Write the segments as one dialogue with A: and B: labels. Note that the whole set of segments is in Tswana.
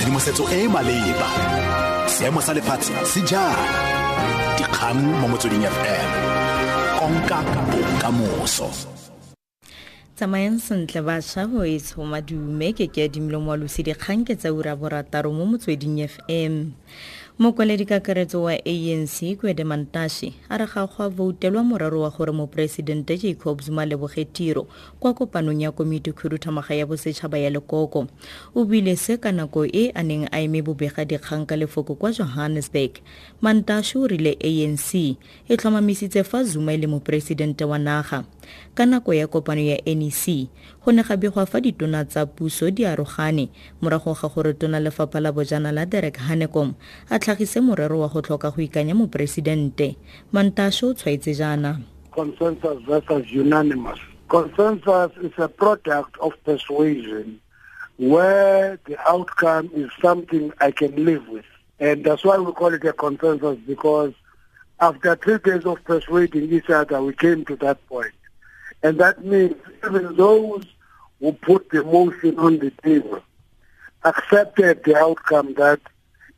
A: tshedimosetso e e maleba seemo sa lefatshe se jang dikgang mo motsweding fm konka bokamoso
B: tsamayang sentle bašwa boetsho madume ke ke adimolo moalosi dikgang ke tsa ura borataro mo motsweding fm mokwaledi wa anc kwedemantashi a re ga go a voutelwa moraro wa gore moporesidente jacob zuma leboge tiro kwa kopanong ya komiti khuduthamaga ya bosetšhaba ya lekoko o buile se ka nako e a neng a eme bobega dikgang ka lefoko kwa johannesburg mantashi o rile anc e tlhomamisitse fa zuma e le moporesidente wa naga ka nako ya kopano ya nec go ne ga begwa fa ditona tsa puso di arogane morago ga gore tona lefapha la bojana la derek hanekom a tlhagise morero wa go tlhoka go ikanya moporesidente mantasho o tshwaetse jaana
C: consensus versus unanimous consensus is a product of persuasion where the outcome is something i can live with and that's why we call it a consensus because after three days of persuading each other we came to that point and that means even those who put the motion on the table accepted the outcome that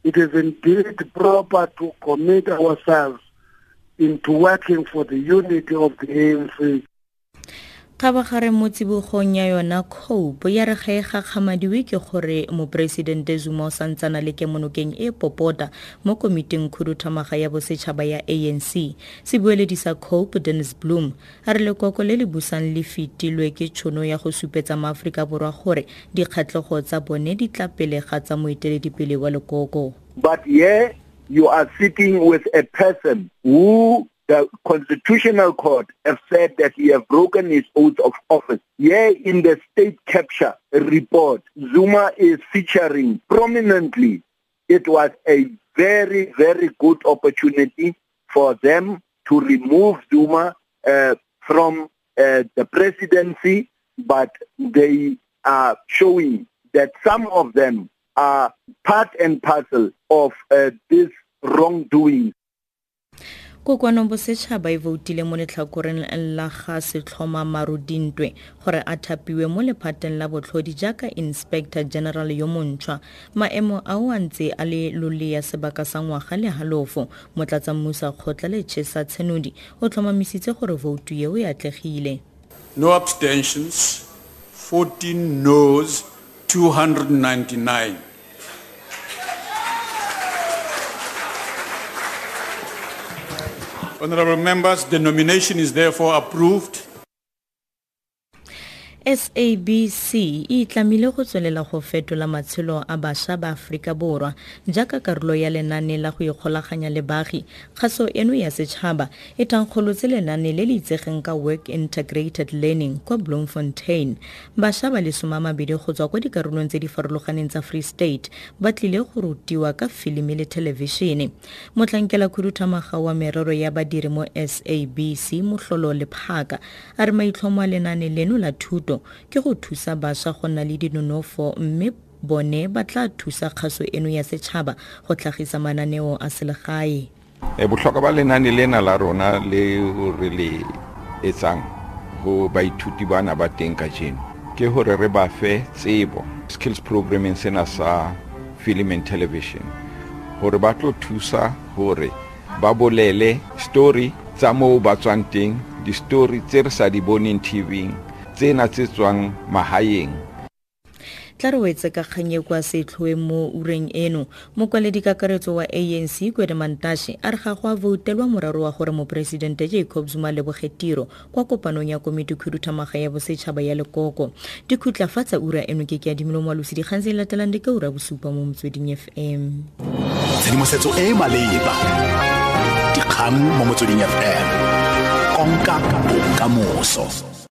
C: it is indeed proper to commit ourselves into working for the unity of the ANC
B: ka bogare mo tsibogong ya yona cope ya re ge e gakgamadiwe ke gore moporesidente zuma o santsana le kemonokeng e popota mo komiting khuduthamaga ya bosetšhaba ya anc sebueledi sa cope dennis bloom a re lekoko le le busang le fetilwe ke tšhono ya go supetsa maaforika borwa gore dikgatlhego tsa bone di tla pelega tsa moeteledipele wa lekoko
A: but here you are sitting with a person who The Constitutional Court have said that he has broken his oath of office. Here in the state capture report, Zuma is featuring prominently. It was a very, very good opportunity for them to remove Zuma uh, from uh, the presidency, but they are showing that some of them are part and parcel of uh, this wrongdoing.
B: kokoano bosetšhaba e voutile mo letlhakoreng la ga setlhoma marudintwe gore a thapiwe mo lephateng la botlhodi jaaka inspector general yo montšhwa maemo ao a ntse a le lolea sebaka sa ngwaga le halofo motlatsammusa kgotla letšhesa tshenodi o tlhomamisitse gore voutu yeo e atlegile
C: no abstentions 14 nos 299
A: Honourable members, the nomination is therefore approved.
B: sabc e itlamile go tswelela go fetola matshelo a bašwa ba aforika borwa jaaka karolo ya lenaane la go ikgolaganya le baagi kgaso eno ya setšhaba e thankgolotse lenaane le le itsegeng ka work integrated learning kwa bloemfontein bašwa ba lesomamabedi go tswa kwa dikarolong tse di farologaneng tsa free state ba tlile go rutiwa ka filimi le thelebišene motlhankela khuduthamaga wa merero ya badiri mo sabc motlholo lephaka a re maitlhomo a lenaane leno la thuto thuto ke go thusa bašwa go nna le dinonofo mme bone ba tla thusa kgaso eno ya setšhaba go tlhagisa mananeo a selegae
A: eh, botlhokwa ba lenane lena la rona le re le etsang go baithuti bana ba teng ka jeno ke gore re ba fe tsebo skills programming sena sa film and television gore ba tlo thusa gore ba bolele story tsa moo ba tswang teng di-story tse re sa di boneng tvng tsena tse tswang magaeng
B: tla re wetse ka kgang e kwa setlhoeng mo ureng eno mokwaledikakaretso wa anc kwede mantashe a re ga go a voutelwa moraro wa gore moporesidente jacob zuma leboge tiro kwa kopanong ya komiti khuduthamaga ya bosetšhaba ya lekoko dikhutla fa ura eno ke ke adimilo moalosi dikgang tse e latelang di ka ura bosupa mo motsweding fm
A: tshedimosetso e e maleba dikgang mo motsweding fm konka bokamoso